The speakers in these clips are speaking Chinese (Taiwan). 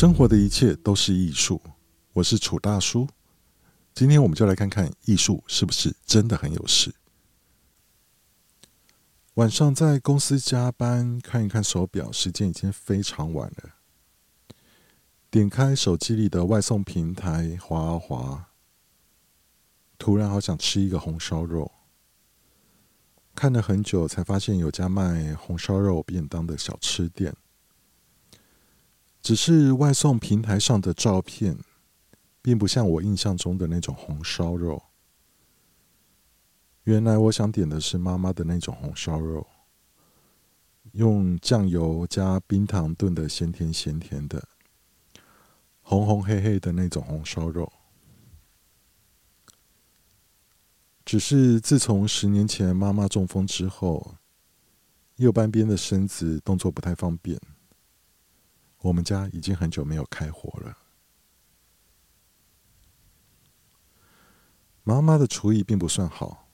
生活的一切都是藝術，我是楚大叔。今天我們就來看看藝術是不是真的很有事。晚上在公司加班，看一看手錶，時間已經非常晚了。點開手機裡的外送平台，滑啊滑，突然好想吃一個紅燒肉。看了很久，才發現有家賣紅燒肉便當的小吃店。只是外送平台上的照片，並不像我印象中的那種紅燒肉。原來我想點的是媽媽的那種紅燒肉，用醬油加冰糖燉的，鹹甜鹹甜的，紅紅黑黑的那種紅燒肉。只是自從十年前媽媽中風之後，右半邊的身子動作不太方便。我們家已經很久沒有開火了。媽媽的廚藝並不算好，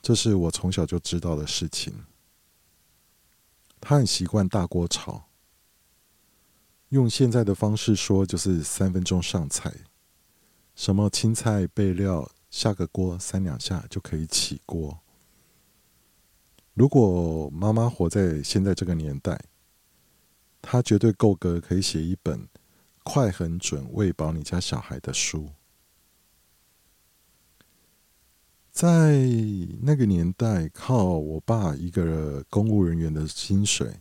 這是我從小就知道的事情。她很習慣大鍋炒，用現在的方式說，就是三分鐘上菜，什麼青菜備料下個鍋，三兩下就可以起鍋。如果媽媽活在現在這個年代，他絕對夠格可以寫一本快狠準、餵飽你家小孩的書。在那個年代，靠我爸一個公務人員的薪水，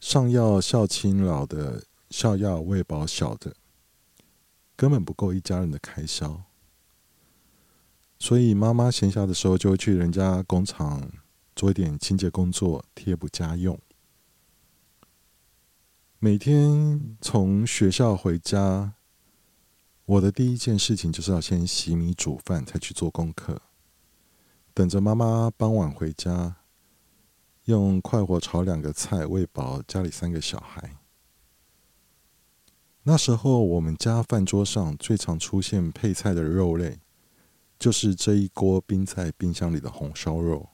上要孝親老的，下要餵飽小的，根本不夠一家人的開銷。所以媽媽閒暇的時候，就會去人家工廠做一點清潔工作，貼補家用。每天從學校回家，我的第一件事情就是要先洗米煮飯，才去做功課，等着媽媽傍晚回家，用快火炒兩個菜，餵飽家裡三個小孩。那時候，我們家飯桌上最常出現配菜的肉類，就是這一鍋冰在冰箱裡的紅燒肉。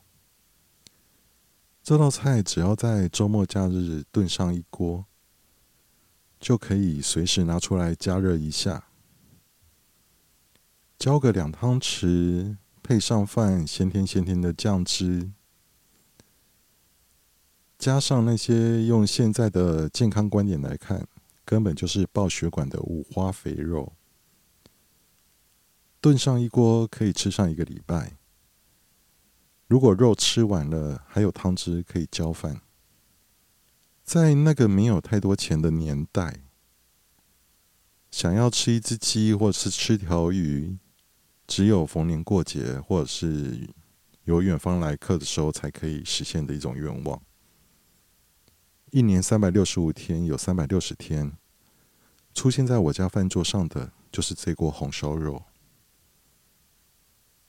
這道菜只要在周末假日燉上一鍋。就可以隨時拿出來加熱一下，澆個兩湯匙，配上飯，鮮甜鮮甜的醬汁，加上那些用現在的健康觀點來看，根本就是爆血管的五花肥肉，燉上一鍋可以吃上一個禮拜。如果肉吃完了，還有湯汁可以澆飯。在那個沒有太多錢的年代，想要吃一隻雞或是吃條魚，只有逢年過節或者是有遠方來客的時候才可以實現的一種願望。一年三百六十五天，有三百六十天，出現在我家飯桌上的就是這鍋紅燒肉。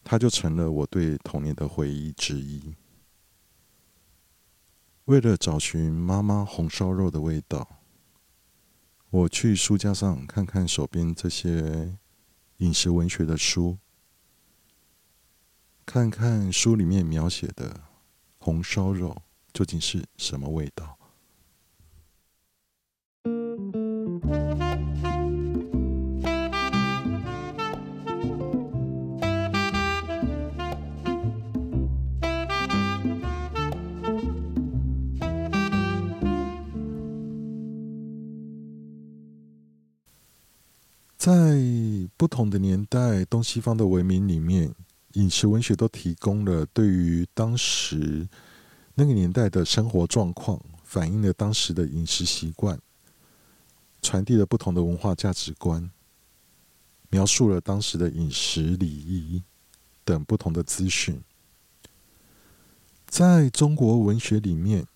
它就成了我對童年的回憶之一。為了找尋媽媽紅燒肉的味道，我去書架上看看手邊這些飲食文學的書，看看書裡面描寫的紅燒肉究竟是什麼味道。在不同的年代，東西方的文明裡面，飲食文學都提供了對於當時那個年代的生活狀況，反映了當時的飲食習慣，傳遞了不同的文化價值觀，描述了當時的飲食禮儀等不同的資訊。在中國文學裡面。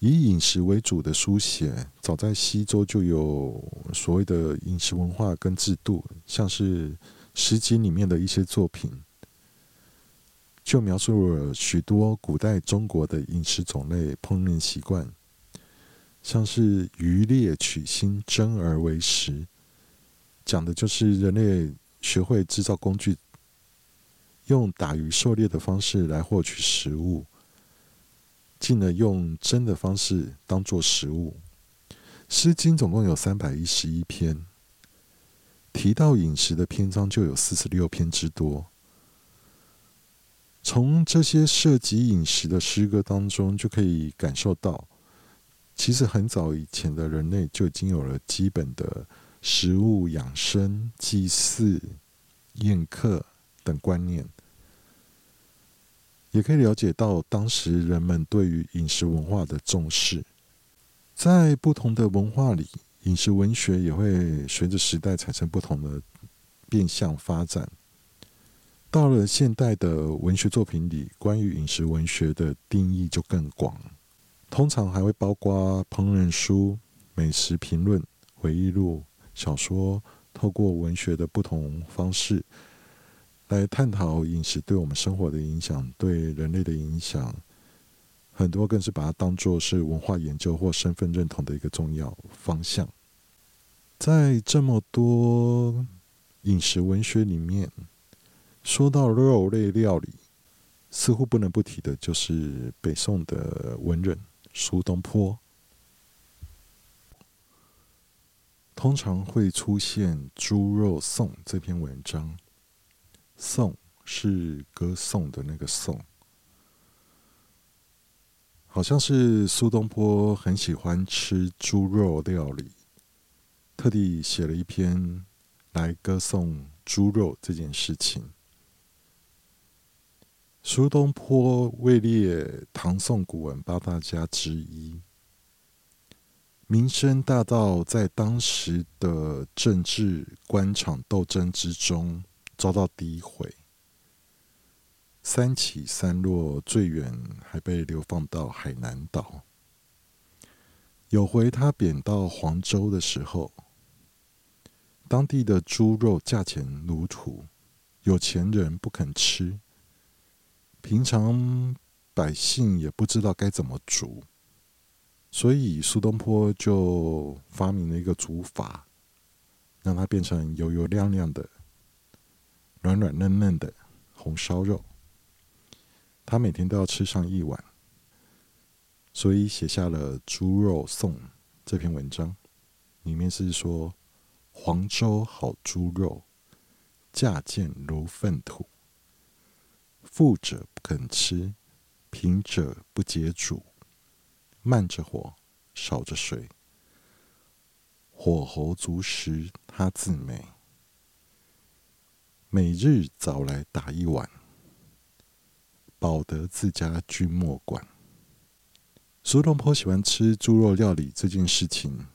以飲食為主的書寫，早在西周就有所謂的飲食文化跟制度。像是《詩經》裡面的一些作品，就描述了許多古代中國的飲食種類、烹飪習慣，像是漁獵取薪，蒸而為食，講的就是人類學會製造工具，用打魚、狩獵的方式來獲取食物。進而用蒸的方式當做食物，《詩經》總共有三百一十一篇，提到飲食的篇章就有四十六篇之多。從這些涉及飲食的詩歌當中，就可以感受到，其實很早以前的人類就已經有了基本的食物養生、祭祀、宴客等觀念。也可以了解到當時人們對於飲食文化的重視。在不同的文化裡，飲食文學也會隨着時代產生不同的變相發展。到了現代的文學作品裡，關於飲食文學的定義就更廣，通常還會包括烹飪書、美食評論、回憶錄、小說，透過文學的不同方式，來探討飲食對我們生活的影響，對人類的影響，很多更是把它當作是文化研究或身份認同的一個重要方向。在這麼多飲食文學裡面，說到肉類料理，似乎不能不提的就是北宋的文人蘇東坡，通常會出現《豬肉頌》這篇文章。頌，是歌頌的那個頌，好像是蘇東坡很喜歡吃豬肉料理，特地寫了一篇來歌頌豬肉這件事情。蘇東坡位列唐宋古文八大家之一，名聲大到在當時的政治官場鬥爭之中。遭到詆毀，三起三落，最遠還被流放到海南島。有回他貶到黃州的時候，當地的豬肉價錢如土，有錢人不肯吃，平常百姓也不知道該怎麼煮，所以蘇東坡就發明了一個煮法，讓它變成油油亮亮的。軟軟嫩嫩的紅燒肉，他每天都要吃上一碗，所以寫下了《豬肉頌》這篇文章。裡面是說：黃州好豬肉，價賤如糞土。富者不肯吃，貧者不解煮。慢着火，少着水，火候足時他自美。每日早來打一碗，飽得自家君莫管。蘇東坡喜歡吃豬肉料理這件事情，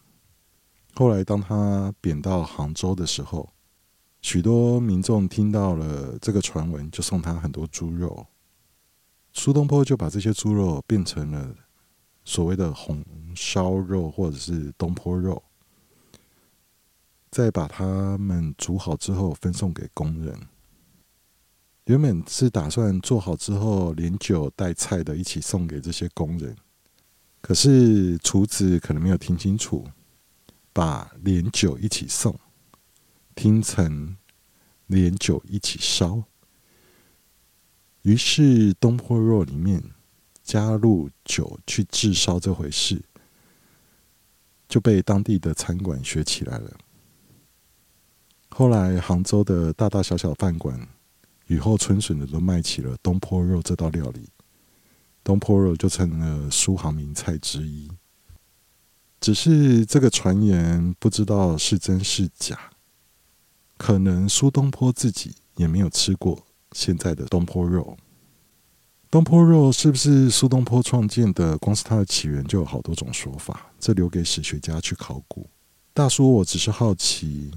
後來當他貶到杭州的時候，許多民眾聽到了這個傳聞，就送他很多豬肉。蘇東坡就把這些豬肉變成了所謂的紅燒肉，或者是東坡肉。再把它們煮好之後，分送給工人。原本是打算做好之後，連酒帶菜的一起送給這些工人。可是廚子可能沒有聽清楚，把連酒一起送，聽成連酒一起燒。於是東坡肉裡面加入酒去炙燒這回事，就被當地的餐館學起來了。後來，杭州的大大小小飯館，雨後春筍的都賣起了東坡肉這道料理。東坡肉就成了蘇杭名菜之一。只是這個傳言不知道是真是假，可能蘇東坡自己也沒有吃過現在的東坡肉。東坡肉是不是蘇東坡創建的？光是它的起源就有好多種說法，這留給史學家去考古。大叔，我只是好奇。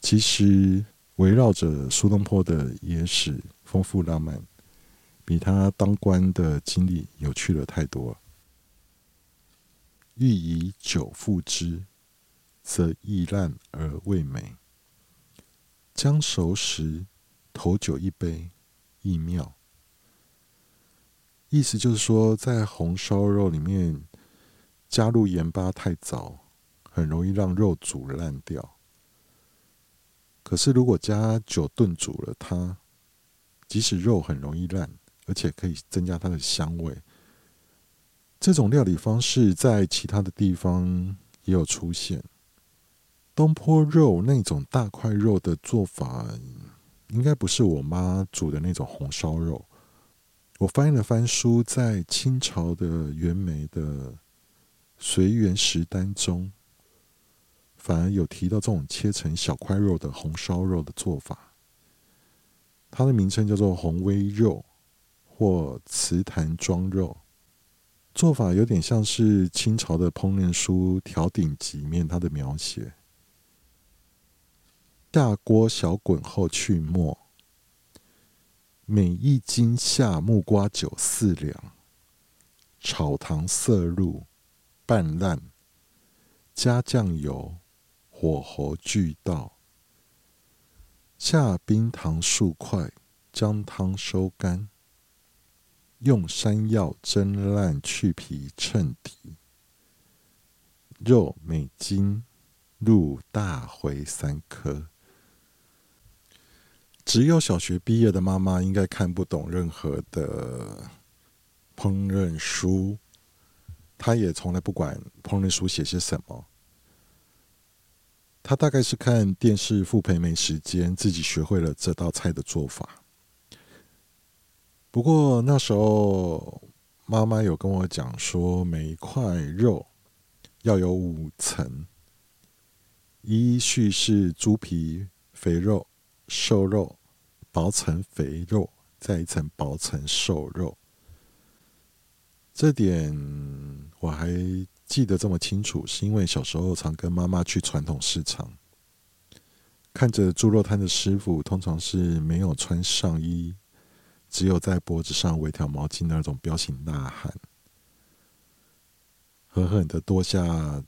其實，圍繞着蘇東坡的野史，豐富浪漫，比他當官的經歷有趣了太多了。欲以酒復之，則易爛而味美。將熟時，投酒一杯，亦妙。意思就是說，在紅燒肉裡面加入鹽巴太早，很容易讓肉煮爛掉。可是，如果加酒燉煮了它，即使肉很容易爛，而且可以增加它的香味。這種料理方式在其他的地方也有出現。東坡肉那種大塊肉的做法，應該不是我媽煮的那種紅燒肉。我翻了翻書，在清朝的袁枚的《隨園食單》中。反而有提到這種切成小塊肉的紅燒肉的做法，它的名稱叫做紅煨肉或瓷壇裝肉，做法有點像是清朝的烹飪書《調鼎集》面它的描寫：下鍋小滾後去沫，每一斤下木瓜酒四兩，炒糖色入半爛，加醬油。火候俱到，下冰糖數塊，將湯收乾。用山藥蒸爛去皮，襯底。肉每斤，入大茴三顆。只有小學畢業的媽媽，應該看不懂任何的烹飪書。她也從來不管烹飪書寫些什麼。他大概是看電視傅培梅時間，自己學會了這道菜的做法。不過那時候媽媽有跟我講說，每一塊肉要有五層，依序是豬皮、肥肉、瘦肉，薄層肥肉，再一層薄層瘦肉。這點我還。記得這麼清楚，是因為小時候常跟媽媽去傳統市場，看着豬肉攤的師傅通常是沒有穿上衣，只有在脖子上圍條毛巾的那種彪形大漢，狠狠的剁下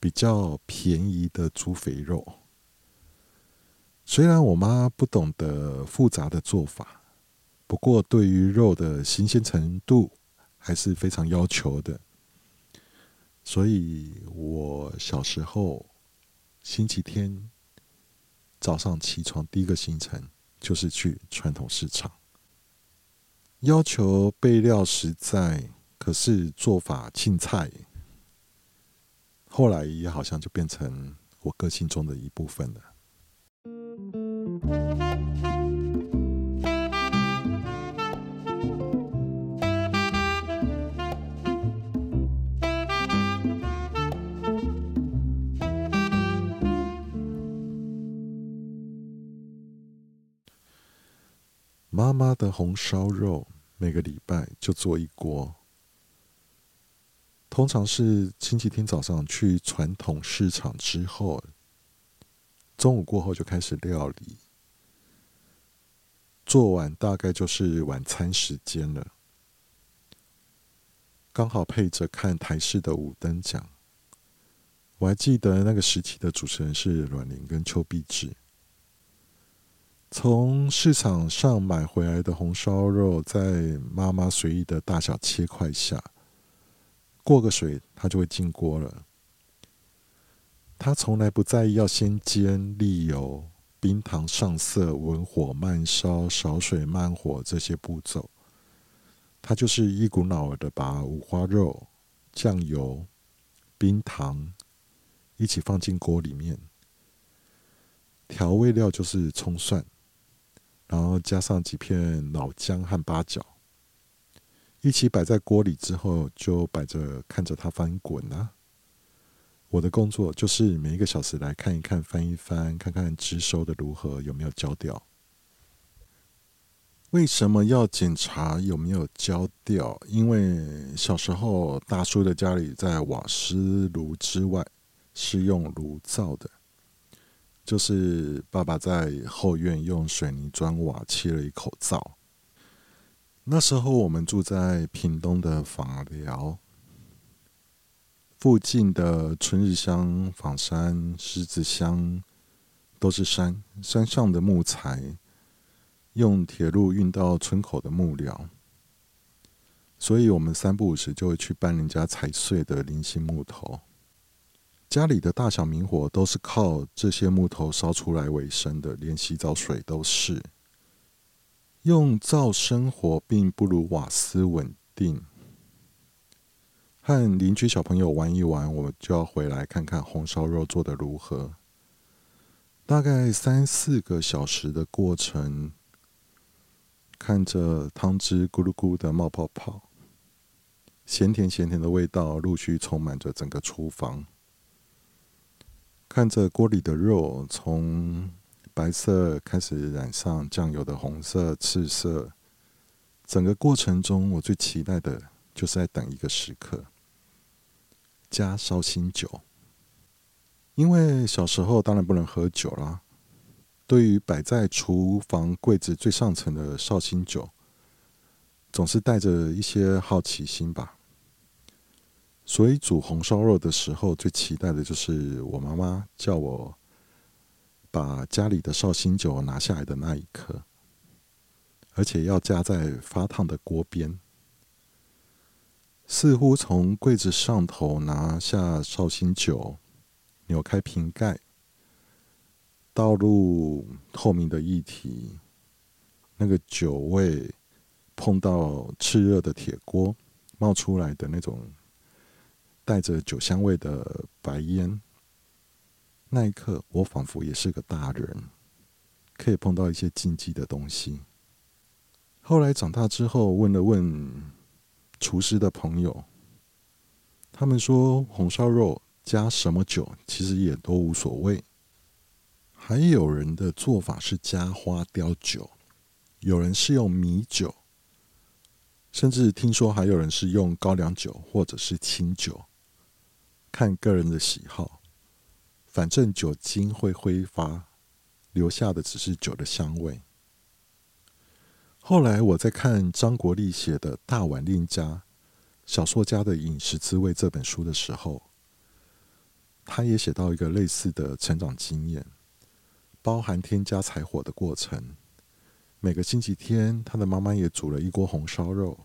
比較便宜的豬肥肉。雖然我媽不懂得複雜的做法，不過對於肉的新鮮程度還是非常要求的。所以我小時候，星期天早上起床第一個行程就是去傳統市場，要求備料實在，可是做法青菜。後來也好像就變成我個性中的一部分了。媽媽的紅燒肉每個禮拜就做一鍋，通常是星期天早上去傳統市場之後，中午過後就開始料理，做完大概就是晚餐時間了，剛好配着看台視的五燈獎，我還記得那個時期的主持人是阮翎跟邱碧治。從市場上買回來的紅燒肉，在媽媽隨意的大小切塊下，過個水，它就會進鍋了。她從來不在意要先煎、瀝油、冰糖上色、文火慢燒、少水慢火這些步驟，她就是一股腦的把五花肉、醬油、冰糖一起放進鍋裡面，調味料就是蔥蒜。然後加上幾片老薑和八角，一起擺在鍋裡之後，就擺着看着它翻滾啊。我的工作就是每一個小時來看一看，翻一翻，看看汁收的如何，有沒有焦掉。為什麼要檢查有沒有焦掉？因為小時候大叔的家裡在瓦斯爐之外，是用爐灶的。就是爸爸在後院用水泥磚瓦砌了一口灶。那時候我們住在屏東的枋寮，附近的春日鄉、枋山、獅子鄉都是山，山上的木材用鐵路運到村口的木料，所以我們三不五時就會去搬人家踩碎的零星木頭。家裡的大小明火都是靠這些木頭燒出來為生的，連洗澡水都是。用灶生活並不如瓦斯穩定。和鄰居小朋友玩一玩，我就要回來看看紅燒肉做得如何。大概三四個小時的過程，看着湯汁咕嚕咕的冒泡泡，鹹甜鹹甜的味道陸續充滿着整個廚房。看着鍋裡的肉從白色開始染上醬油的紅色、赤色，整個過程中我最期待的就是在等一個時刻，加紹興酒。因為小時候當然不能喝酒啦，對於擺在廚房櫃子最上層的紹興酒，總是帶着一些好奇心吧。所以煮紅燒肉的時候，最期待的就是我媽媽叫我把家裡的紹興酒拿下來的那一刻，而且要加在發燙的鍋邊。似乎從櫃子上頭拿下紹興酒，扭開瓶蓋，倒入透明的液體，那個酒味碰到熾熱的鐵鍋，冒出來的那種。帶着酒香味的白煙，那一刻，我仿佛也是個大人，可以碰到一些禁忌的東西。後來長大之後，問了問廚師的朋友，他們說紅燒肉加什麼酒，其實也都無所謂。還有人的做法是加花雕酒，有人是用米酒，甚至聽說還有人是用高粱酒或者是清酒。看個人的喜好，反正酒精會揮發，留下的只是酒的香味。後來我在看張國立寫的大碗另一家小說家的飲食滋味這本書的時候，他也寫到一個類似的成長經驗，包含添加柴火的過程。每個星期天，他的媽媽也煮了一鍋紅燒肉。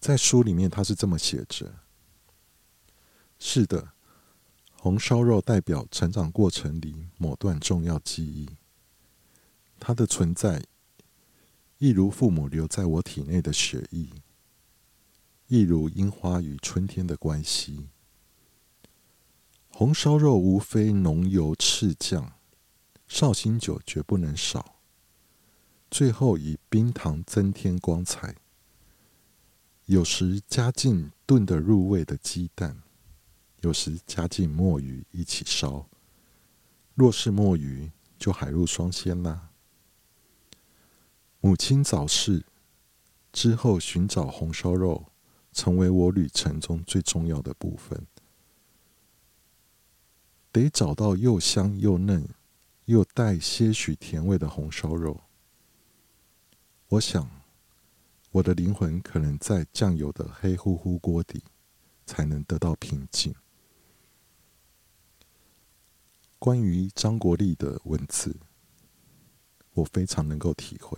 在書裡面，他是這麼寫着。是的，紅燒肉代表成長過程裡某段重要記憶。它的存在，一如父母留在我體內的血液，一如櫻花與春天的關係。紅燒肉無非濃油赤醬，紹興酒絕不能少，最後以冰糖增添光彩。有時加進燉得入味的雞蛋。有時加進墨魚一起燒，若是墨魚，就海陸雙鮮啦。母親早逝之後，尋找紅燒肉成為我旅程中最重要的部分。得找到又香又嫩又帶些許甜味的紅燒肉。我想，我的靈魂可能在醬油的黑乎乎鍋底才能得到平靜。關於張國立的文字，我非常能夠體會。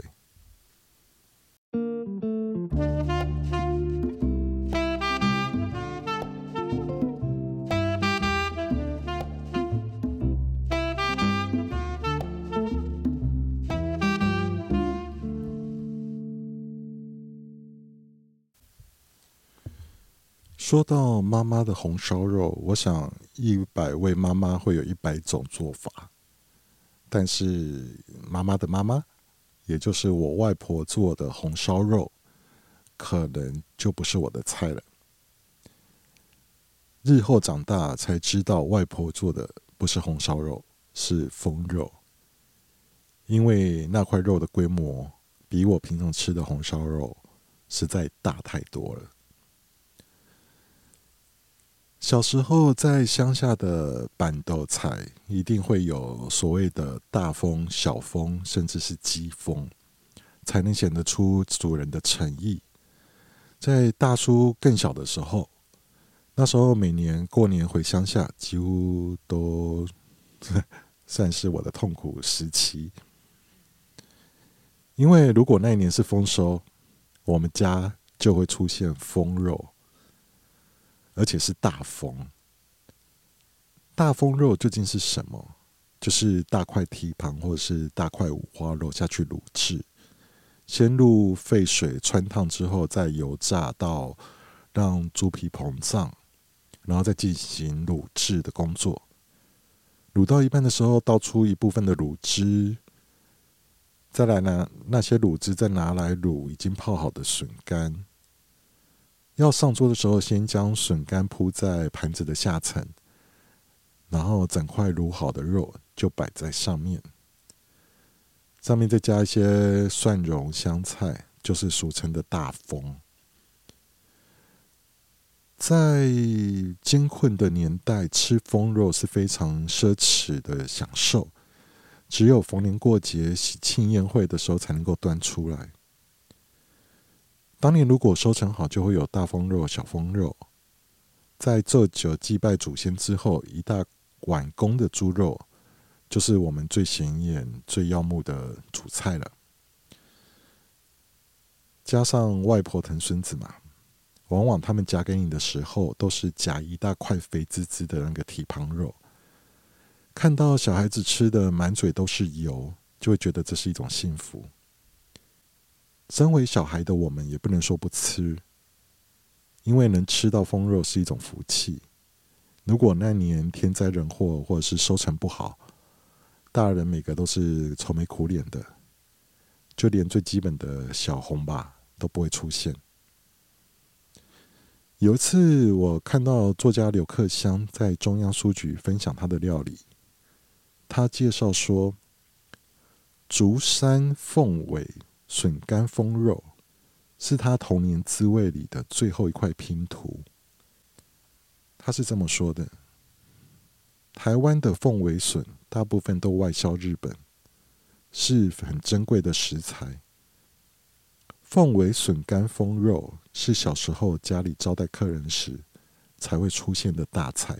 說到媽媽的紅燒肉，我想一百位媽媽會有一百種做法，但是媽媽的媽媽，也就是我外婆做的紅燒肉，可能就不是我的菜了。日後長大才知道，外婆做的不是紅燒肉，是封肉，因為那塊肉的規模比我平常吃的紅燒肉實在大太多了。小時候在鄉下的辦桌菜，一定會有所謂的大封、小封，甚至是雞封，才能顯得出主人的誠意。在大叔更小的時候，那時候每年過年回鄉下，幾乎都 算是我的痛苦時期，因為如果那一年是豐收，我們家就會出現封肉。而且是大風，大風肉究竟是什麼？就是大塊蹄膀或者是大塊五花肉下去滷製，先入沸水汆燙之後，再油炸到讓豬皮膨脹，然後再進行滷製的工作。滷到一半的時候，倒出一部分的滷汁，再來拿那些滷汁再拿來滷已經泡好的筍乾。要上桌的時候，先將筍乾鋪在盤子的下層，然後整塊滷好的肉就擺在上面，上面再加一些蒜蓉、香菜，就是俗稱的大封。在艱困的年代，吃封肉是非常奢侈的享受，只有逢年過節、喜慶宴會的時候才能夠端出來。當年如果收成好，就會有大封肉、小封肉。在做醮、祭拜祖先之後，一大碗公的豬肉，就是我們最顯眼、最耀目的主菜了。加上外婆疼孫子嘛，往往他們夾給你的時候，都是夾一大塊肥滋滋的那個蹄膀肉。看到小孩子吃的滿嘴都是油，就會覺得這是一種幸福。身為小孩的我們也不能說不吃，因為能吃到鳳肉是一種福氣。如果那年天災人禍或者是收成不好，大人每個都是愁眉苦臉的，就連最基本的小紅吧都不會出現。有一次，我看到作家劉克襄在中央書局分享他的料理，他介紹說：竹山鳳尾。筍乾鳳肉是他童年滋味裡的最後一塊拼圖。他是這麼說的：“台灣的鳳尾筍大部分都外銷日本，是很珍貴的食材。鳳尾筍乾鳳肉是小時候家裡招待客人時才會出現的大菜。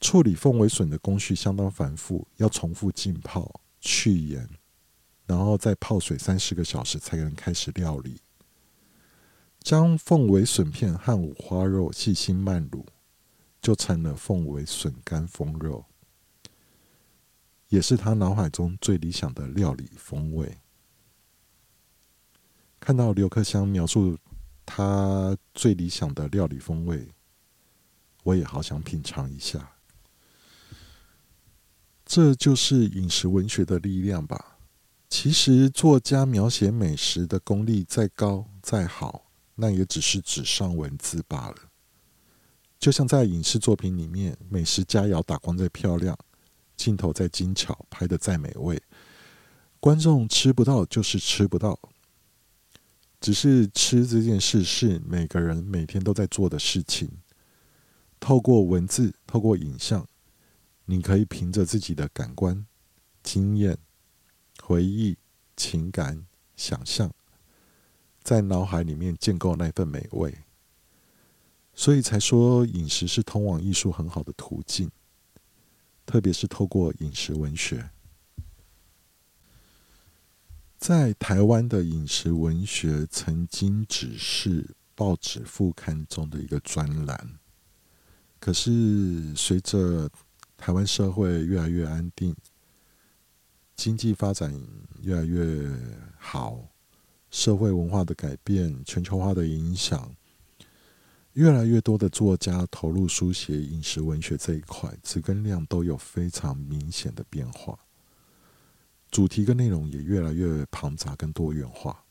處理鳳尾筍的工序相當繁複，要重複浸泡、去鹽。”然後再泡水三十個小時，才能開始料理。將鳳尾筍片和五花肉細心慢滷，就成了鳳尾筍乾封肉，也是他腦海中最理想的料理風味。看到劉克襄描述他最理想的料理風味，我也好想品嘗一下。這就是飲食文學的力量吧。其實，作家描寫美食的功力再高再好，那也只是紙上文字罷了。就像在影視作品裡面，美食佳餚打光再漂亮，鏡頭再精巧，拍得再美味，觀眾吃不到就是吃不到。只是吃這件事是每個人每天都在做的事情。透過文字，透過影像，你可以憑着自己的感官經驗。回憶、情感、想象，在腦海裡面建構那份美味，所以才說飲食是通往藝術很好的途徑，特別是透過飲食文學。在台灣的飲食文學曾經只是報紙副刊中的一個專欄，可是隨着台灣社會越來越安定。經濟發展越來越好，社會文化的改變、全球化的影響，越來越多的作家投入書寫飲食文學這一塊，質跟量都有非常明顯的變化。主題跟內容也越來越龐雜跟多元化。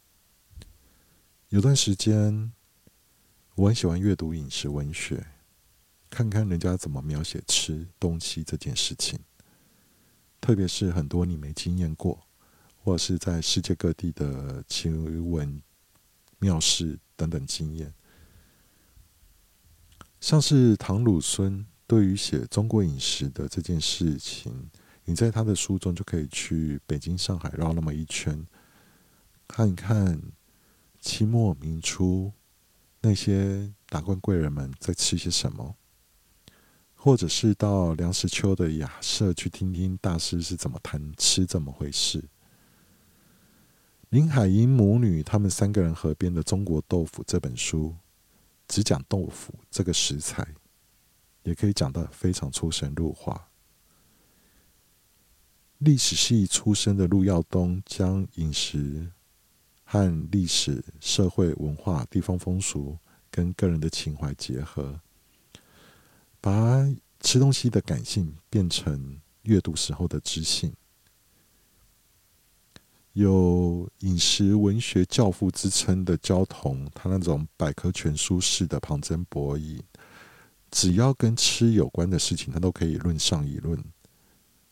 有段時間，我很喜歡閱讀飲食文學，看看人家怎麼描寫吃東西這件事情。特別是很多你沒經驗過，或者是在世界各地的奇聞妙事等等經驗，像是唐魯孫對於寫中國飲食的這件事情，你在他的書中就可以去北京、上海繞那麼一圈，看一看清末民初那些達官貴人們在吃些什麼。.或者是到梁實秋的雅舍去聽聽大師是怎麼談吃怎麼回事。林海音母女他們三個人合編的《中國豆腐》這本書，只講豆腐這個食材，也可以講得非常出神入化。歷史系出身的陸耀東將飲食和歷史、社會、文化、地方風俗跟個人的情懷結合。把吃東西的感性變成閱讀時候的知性。有飲食文學教父之稱的焦桐，他那種百科全書式的旁徵博引，只要跟吃有關的事情，他都可以論上一論。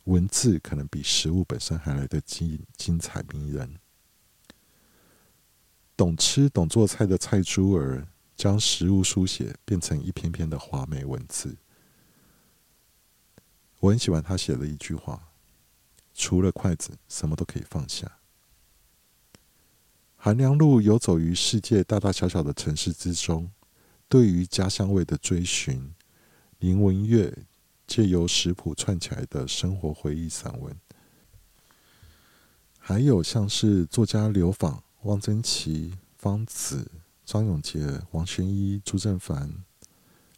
文字可能比食物本身還來得精精彩迷人。懂吃懂做菜的蔡珠兒，將食物書寫變成一篇篇的華美文字，我很喜歡他寫的一句話：“除了筷子，什麼都可以放下。”韓良露遊走於世界大大小小的城市之中，對於家鄉味的追尋，林文月借由食譜串起來的生活回憶散文，還有像是作家劉枋、汪曾祺、方子。張永杰、王宣一、朱振藩、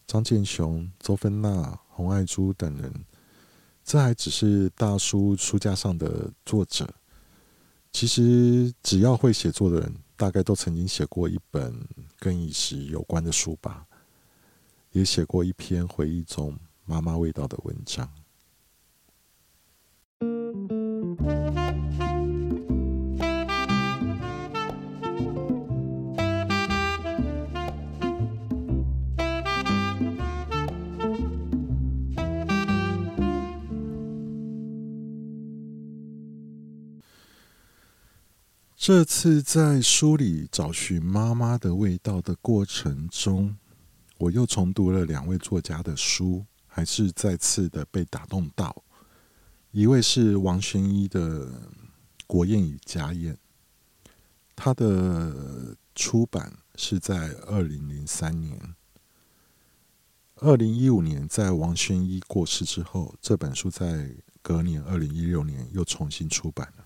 張建雄、周芬娜、洪愛珠等人，這還只是大叔書，書架上的作者。其實，只要會寫作的人，大概都曾經寫過一本跟飲食有關的書吧，也寫過一篇回憶中媽媽味道的文章。嗯嗯嗯嗯嗯。這次在書裡找尋媽媽的味道的過程中，我又重讀了兩位作家的書，還是再次的被打動到。一位是王宣一的《國宴與家宴》，他的出版是在二零零三年，二零一五年在王宣一過世之後，這本書在隔年二零一六年又重新出版了。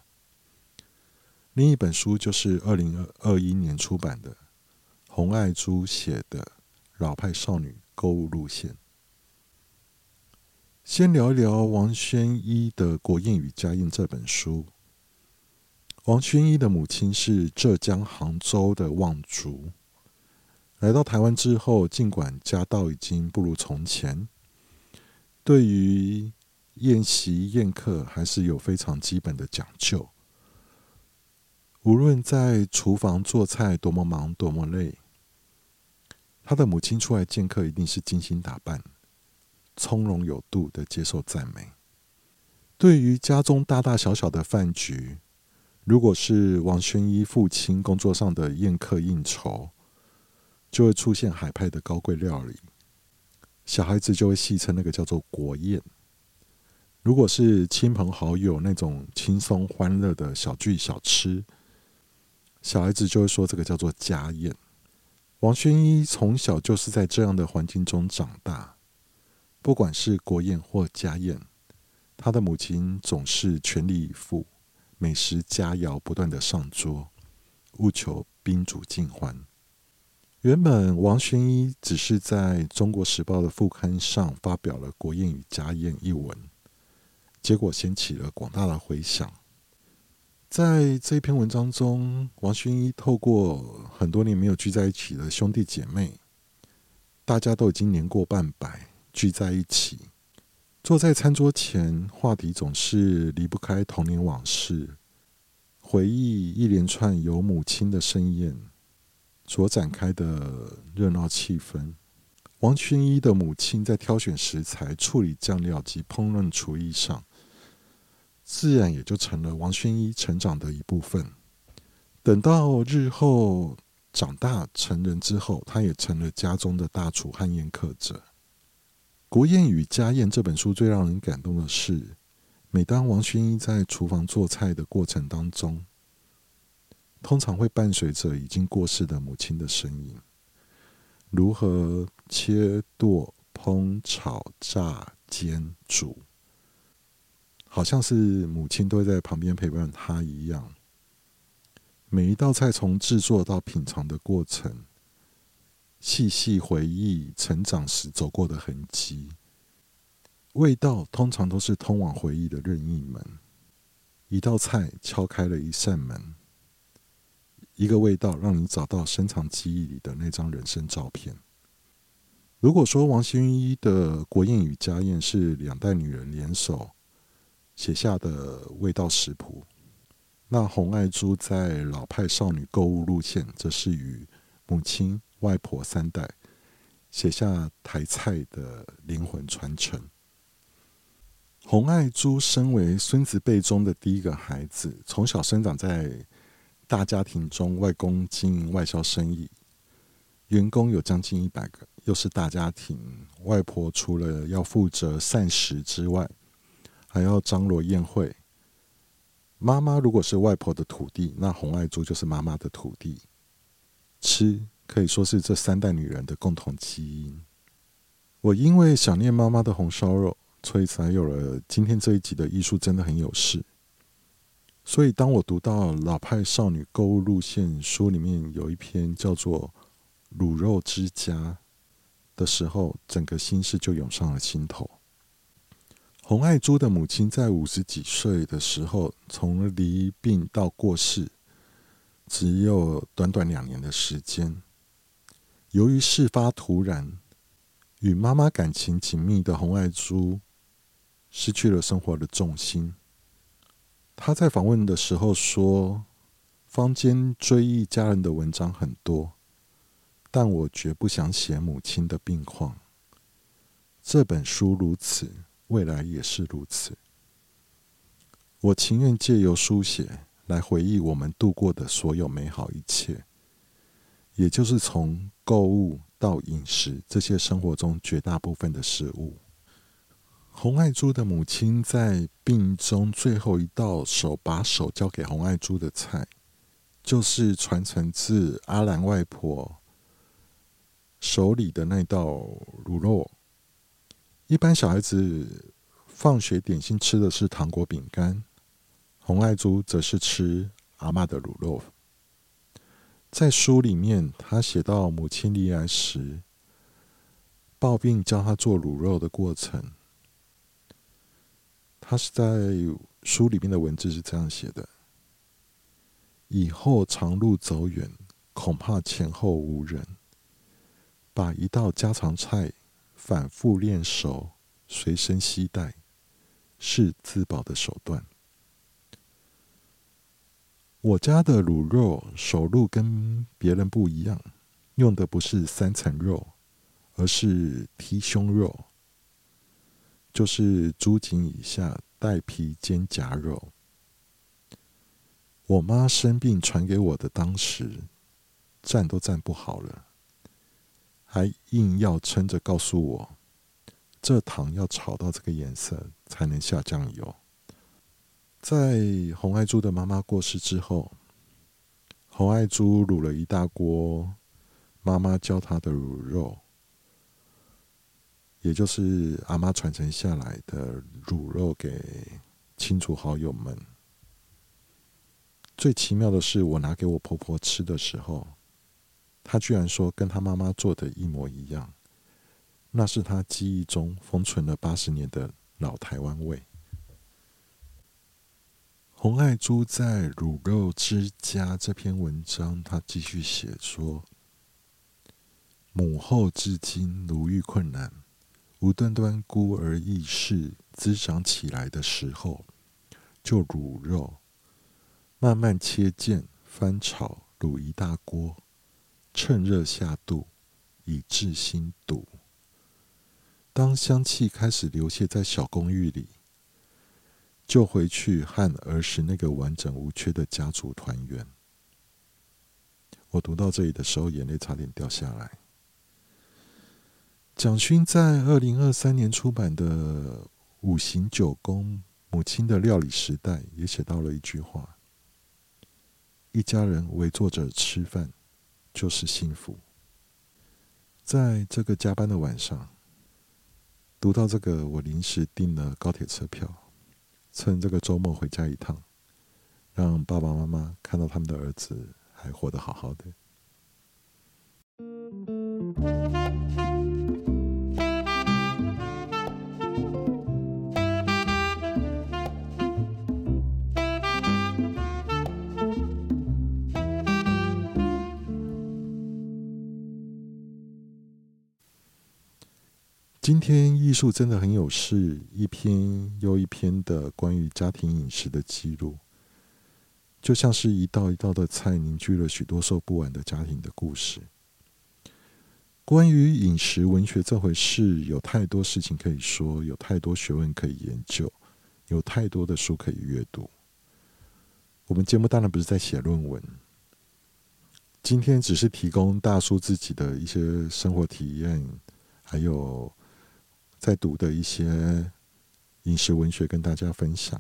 另一本書就是二零二一年出版的洪愛珠寫的《老派少女購物路線》。先聊一聊王宣一的《國宴與家宴》這本書。王宣一的母親是浙江杭州的望族，來到台灣之後，儘管家道已經不如從前，對於宴席宴客還是有非常基本的講究。無論在廚房做菜多麼忙多麼累，他的母親出來見客一定是精心打扮，從容有度的接受讚美。對於家中大大小小的飯局，如果是王宣一父親工作上的宴客應酬，就會出現海派的高貴料理，小孩子就會戲稱那個叫做“國宴”。如果是親朋好友那種輕鬆歡樂的小聚小吃。小孩子就會說這個叫做家宴。王宣一從小就是在這樣的環境中長大。不管是國宴或家宴，他的母親總是全力以赴，美食佳餚不斷地上桌，務求賓主盡歡。原本王宣一只是在中國時報的副刊上發表了《國宴與家宴》一文，結果掀起了廣大的回響。在這一篇文章中，王宣一透過很多年沒有聚在一起的兄弟姐妹，大家都已經年過半百，聚在一起，坐在餐桌前，話題總是離不開童年往事，回憶一連串由母親的盛宴所展開的熱鬧氣氛。王宣一的母親在挑選食材、處理醬料及烹飪廚，廚藝上。自然也就成了王宣一成長的一部分。等到日後長大成人之後，他也成了家中的大廚和宴客者。《國宴與家宴》這本書最讓人感動的是，每當王宣一在廚房做菜的過程當中，通常會伴隨着已經過世的母親的身影。如何切剁、烹炒、炸煎煮？好像是母親都在旁邊陪伴他一樣。每一道菜從製作到品嘗的過程，細細回憶成長時走過的痕跡。味道通常都是通往回憶的任意門，一道菜敲開了一扇門，一個味道讓你找到深藏記憶裡的那張人生照片。如果說王心一的國宴與家宴是兩代女人聯手。寫下的味道食譜。那洪愛珠在老派少女購物路線，則是與母親、外婆三代寫下台菜的靈魂傳承。洪愛珠身為孫子輩中的第一個孩子，從小生長在大家庭中，外公經營外銷生意，員工有將近一百個，又是大家庭，外婆除了要負責膳食之外，還要張羅宴會。媽媽如果是外婆的徒弟，那洪愛珠就是媽媽的徒弟。吃可以說是這三代女人的共同基因。我因為想念媽媽的紅燒肉，所以才有了今天這一集的藝術，真的很有事。所以，當我讀到《老派少女購物路線》書裡面有一篇叫做《滷肉之家》的時候，整個心事就湧上了心頭。洪愛珠的母親在五十幾歲的時候，從罹病到過世，只有短短兩年的時間。由於事發突然，與媽媽感情緊密的洪愛珠失去了生活的重心。她在訪問的時候說：“坊間追憶家人的文章很多，但我絕不想寫母親的病況。這本書如此。”未來也是如此。我情願借由書寫來回憶我們度過的所有美好一切，也就是從購物到飲食這些生活中絕大部分的事物。紅愛珠的母親在病中最後一道手把手教給紅愛珠的菜，就是傳承自阿蘭外婆手裡的那道滷肉。一般小孩子放學點心吃的是糖果餅乾，洪愛珠則是吃阿嬤的滷肉。在書裡面，他寫到母親離家時，抱病教他做滷肉的過程。他是在書裡面的文字是這樣寫的：以後長路走遠，恐怕前後無人，把一道家常菜。反覆練手，隨身攜帶，是自保的手段。我家的滷肉手路跟別人不一樣，用的不是三層肉，而是提胸肉，就是豬頸以下帶皮肩胛肉。我媽生病傳給我的，當時站都站不好了。還硬要撐着告訴我，這糖要炒到這個顏色才能下醬油。在洪愛珠的媽媽過世之後，洪愛珠滷了一大鍋媽媽教她的滷肉，也就是阿媽傳承下來的滷肉，給親族好友們。最奇妙的是，我拿給我婆婆吃的時候。他居然說，跟他媽媽做的一模一樣，那是他記憶中封存了八十年的老台灣味。洪愛珠在《滷肉之家》這篇文章，他繼續寫說，母後至今如遇困難，無端端孤兒意識，滋長起來的時候，就滷肉慢慢切件翻炒滷一大鍋。趁熱下肚，以至心堵。當香氣開始流瀉在小公寓裡，就回去和兒時那個完整無缺的家族團圓。我讀到這裡的時候，眼淚差點掉下來。蔣勳在二零二三年出版的《五行九宮：母親的料理時代》也寫到了一句話：“一家人圍坐着吃飯。”就是幸福。在這個加班的晚上，讀到這個，我臨時訂了高鐵車票，趁這個週末回家一趟，讓爸爸媽媽看到他們的兒子還活得好好的。今天藝術真的很有事，一篇又一篇的關於家庭飲食的記錄，就像是一道一道的菜，凝聚了許多說不完的家庭的故事。關於飲食文學這回事，有太多事情可以說，有太多學問可以研究，有太多的書可以閱讀。我們節目當然不是在寫論文，今天只是提供大叔自己的一些生活體驗，還有，在讀的一些飲食文學，跟大家分享。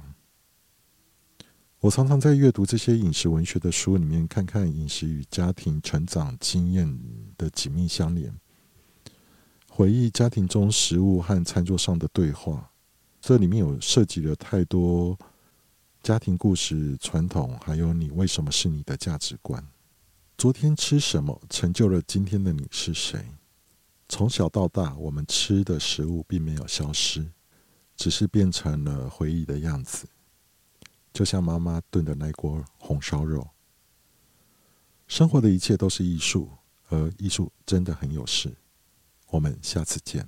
我常常在閱讀這些飲食文學的書裡面，看看飲食與家庭成長經驗的緊密相連，回憶家庭中食物和餐桌上的對話。這裡面有涉及了太多家庭故事、傳統，還有你為什麼是你的價值觀。昨天吃什麼，成就了今天的你是誰？從小到大，我們吃的食物並沒有消失，只是變成了回憶的樣子。就像媽媽燉的那一鍋紅燒肉，生活的一切都是藝術，而藝術真的很有事。我們下次見。